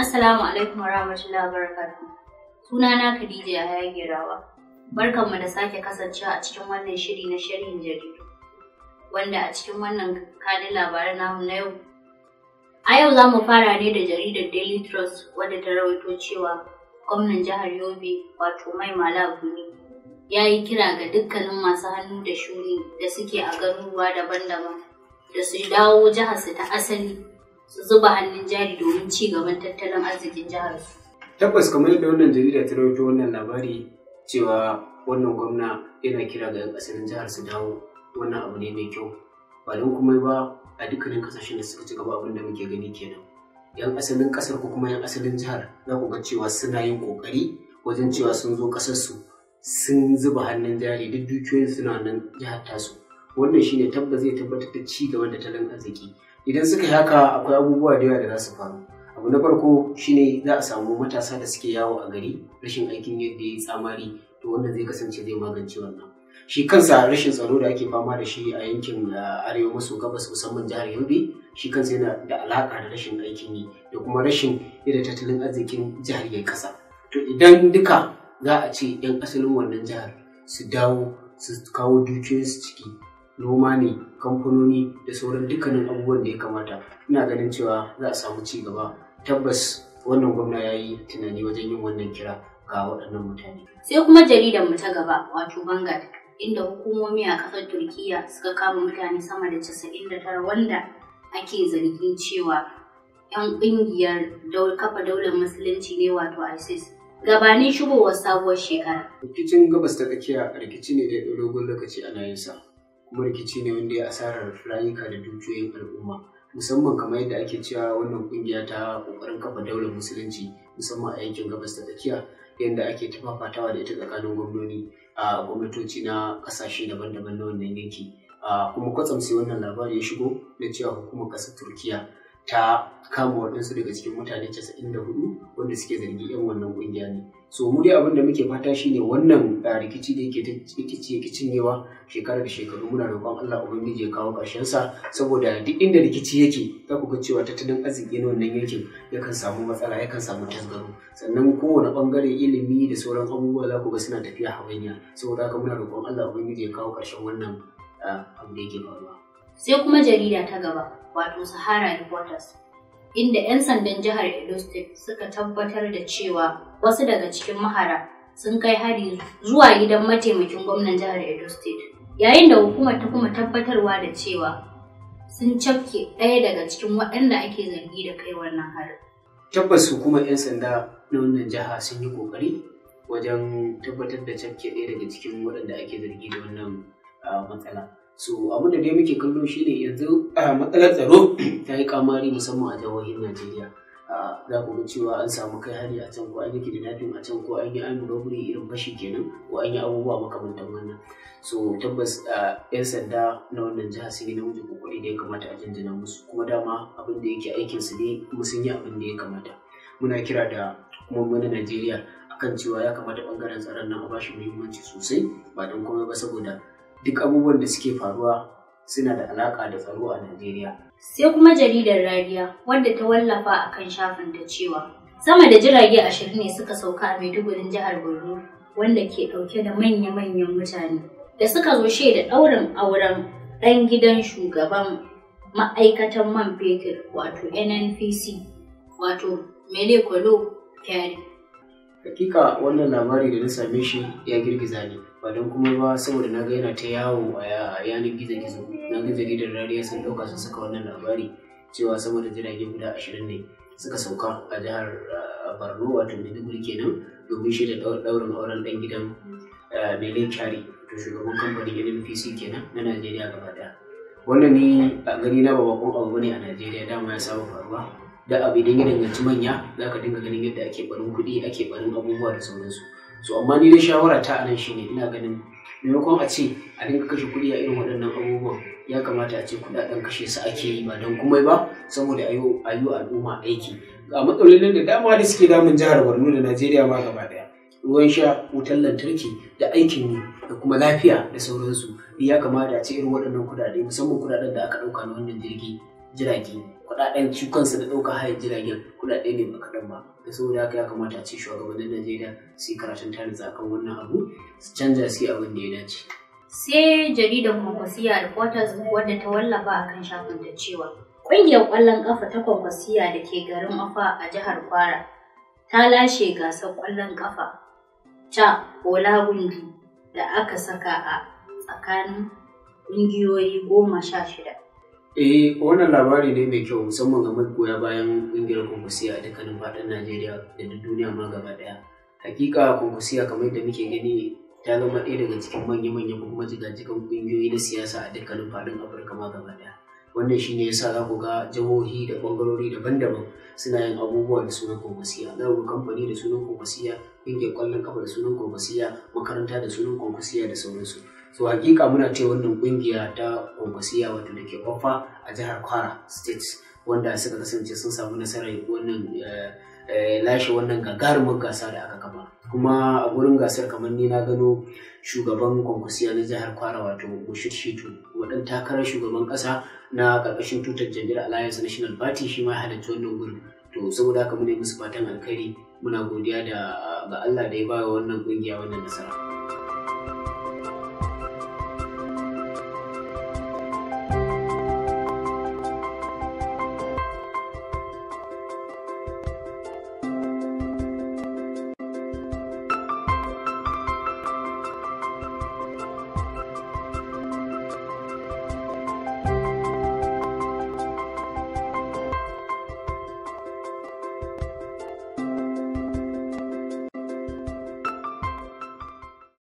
Assalamu alaikum warahmatullahi wabarakatuh. Sunana Khadija Yahaya barkan Barkanmu da sake kasancewa a cikin wannan shiri na sharhin jaridu. Wanda a cikin wannan kanin labaran namu na yau. A yau za mu fara ne da jaridar Daily Trust wadda ta rawaito cewa gwamnan jihar Yobe wato Mai Mala Gumi ya yi kira ga dukkanin masu hannu da shuni da suke a garuruwa daban-daban da su dawo jihar su ta asali su zuba hannun jari domin ci gaban tattalin arzikin jihar su. Tabbas kamar yadda wannan jarida ta rawaito wannan labari cewa wannan gwamna yana kira ga 'yan asalin jihar su dawo wannan abu ne mai kyau ba don kuma ba a dukkanin kasashen da suka ci gaba abin da muke gani kenan. 'Yan asalin kasar ko kuma 'yan asalin jihar za ku ga cewa suna yin kokari wajen cewa sun zo kasar sun zuba hannun jari duk dukiyoyin suna nan jihar tasu wannan shine tabbas zai tabbatar da ci gaban da tattalin arziki idan suka yi haka akwai abubuwa da yawa da za su faru abu na farko shine za a samu matasa da suke yawo a gari rashin aikin yadda ya tsamari to wanda zai kasance zai magance wannan shi kansa rashin tsaro da ake fama da shi a yankin ah, arewa maso gabas musamman jihar yobe shi kansa yana da alaka da rashin aikin yi da kuma rashin irin tattalin arzikin jihar ya kasa to idan duka za a ce yan asalin wannan jihar su dawo su kawo su ciki noma ne kamfanoni da sauran dukkanin abubuwan da ya kamata ina ganin cewa za a samu ci gaba tabbas wannan gwamna ya yi tunani wajen yin wannan kira ga waɗannan mutane sai kuma jaridar mu ta gaba wato bangal inda hukumomi a ƙasar turkiya suka kama mutane sama da casa'in da tara wanda ake zargin cewa 'yan ƙungiyar kafa daular musulunci ne wato isis gabanin shigowar sabuwar shekara. Rikicin gabas ta tsakiya rikici ne da ya dogon lokaci ana yin sa. kuma rikici ne wanda ya asarar rayuka da dukiyoyin al'umma musamman kamar yadda ake cewa wannan kungiya ta kokarin kafa daular musulunci musamman a yankin gabas ta tsakiya yadda ake tafafatawa da ita tsakanin gwamnoni a gwamnatoci na kasashe daban-daban na wannan yanki kuma kwatsam sai wannan labarin ya shigo na cewa hukumar kasar turkiya ta kama waɗansu daga cikin mutane hudu wanda suke zargi 'yan wannan ƙungiya ne so mu dai abin da muke fata shine wannan ah, rikici da yake rikici yake cinyewa shekara da shekaru muna roƙon Allah ubangiji ya kawo ƙarshen sa saboda duk inda rikici yake za ku ga cewa tattalin arziki na wannan yankin yakan samu matsala yakan samu tasgaro sannan kowane bangare ilimi da sauran abubuwa za ku ga suna tafiya hawanya saboda haka muna roƙon Allah ubangiji ya kawo ƙarshen wannan ah, abu da yake faruwa Sai kuma jarida ta gaba, wato Sahara Reporters, inda 'yan sandan jihar Edo State suka tabbatar da cewa wasu daga cikin mahara sun kai hari zuwa gidan mataimakin gwamnan jihar Edo State. Yayin da hukumar ta kuma tabbatarwa da cewa sun cafke ɗaya daga cikin waɗanda ake zargi da kai wannan harin. Tabbas hukumar 'yan sanda na wannan jiha sun yi ƙoƙari wajen tabbatar da cafke ɗaya daga cikin waɗanda ake zargi da wannan ah, matsala. so abin da dai muke kallo ne yanzu ah, matsalar tsaro ta yi kamari musamman a jihohin najeriya ah, za ku ga cewa an samu kai hari a can ko an yi kidnapping a can ko an yi an robbery irin fashi kenan ko an yi abubuwa makamantan wannan so tabbas ah, yan sanda na wannan jiha sun yi namiji kokari da ya kamata a jinjina musu kuma dama abin da yake aikin su ne kuma sun yi abin da ya kamata muna kira da kuma na Najeriya akan cewa ya kamata bangaren tsaron nan a bashi muhimmanci sosai ba don komai ba saboda duk abubuwan da suke faruwa suna da alaƙa da tsaro a Najeriya. Sai kuma jaridar Rariya wanda ta wallafa a kan shafin ta cewa sama da jirage ashirin ne suka sauka a Maiduguri jihar Borno wanda ke ɗauke da manya-manyan mutane da suka zo shaida ɗaurin auren ɗan gidan shugaban ma'aikatan man fetur wato NNPC wato Mele Kolo Kyari. Hakika wannan labari da na same shi ya girgiza ni. ba kuma ba saboda na ga yana ta yawo a yanar gizo-gizo na ga jaridar rariya sun ɗauka sun saka wannan labari cewa saboda jirage guda ashirin ne suka sauka a jihar borno wato maiduguri kenan domin shi da ɗaurin auren dan gidan eh, mele kyari to shugaban kamfanin nnpc kenan na najeriya gaba ɗaya wannan ne a gani na ba bakon abu ne a najeriya dama ya saba faruwa da abu idan ya danganci manya za ka dinga ganin yadda ake barin kuɗi ake barin abubuwa da sauransu so amma ni dai shawara ta anan ne ina ganin maimakon a ce a dinka kashe kuɗi a irin waɗannan abubuwan ya kamata a ce kuɗaɗen kashe su ake yi ba don komai ba saboda a yi al'umma aiki ga matsalolin da dama da suke damun jihar borno da najeriya ma gaba ɗaya ruwan sha wutar lantarki da aikin yi da kuma lafiya da sauransu ya kamata a ce irin waɗannan kuɗaɗe musamman kuɗaɗen da aka ɗauka na wannan jirgi jirage kuɗaɗen shi kansa da ɗauka hayar jiragen kuɗaɗe ne ba kaɗan ba da saboda haka ya kamata a ce shugabannin najeriya su yi karatun tarin zakan wannan abu su canza su yi abin da ya dace. sai jaridan kwankwasiya da quarters wadda ta wallafa akan kan shafin ta cewa ƙungiyar ƙwallon ƙafa ta kwankwasiya da ke garin afa a jihar kwara ta lashe gasar ƙwallon ƙafa ta olagundi da aka saka a tsakanin ƙungiyoyi goma sha shida Eh, wannan labari ne mai kyau musamman ga magoya bayan ƙungiyar Kwankwasiya a dukkanin faɗin Najeriya da duk duniya ma gaba ɗaya. Hakika Kwankwasiya kamar yadda muke gani ta zama ɗaya daga cikin manya-manyan kuma jigajigan ƙungiyoyi na siyasa a dukkanin faɗin Afirka ma gaba ɗaya. Wannan shi ne sa za ku ga jihohi da ɓangarori daban-daban suna yin abubuwa da sunan Kwankwasiya. Za ku ga kamfani da sunan Kwankwasiya, ƙungiyar ƙwallon kafa da sunan Kwankwasiya, makaranta da sunan Kwankwasiya da sauransu. so hakika muna ce wannan kungiya ta kwamfasiya wato da ke kwaffa a jihar kwara state wanda suka kasance sun samu nasarar wannan eh, eh, lashe wannan gagarumin gasa da aka kafa kuma a gurin gasar kamar ni na gano shugaban kwamfasiya na jihar kwara wato bushir shitu wadan takarar shugaban kasa na karkashin tutar jam'iyyar alliance national party shi ma halarci wannan gurin to saboda haka muna yi musu fatan alkhairi muna godiya da ga allah da ya ba wannan kungiya wannan nasara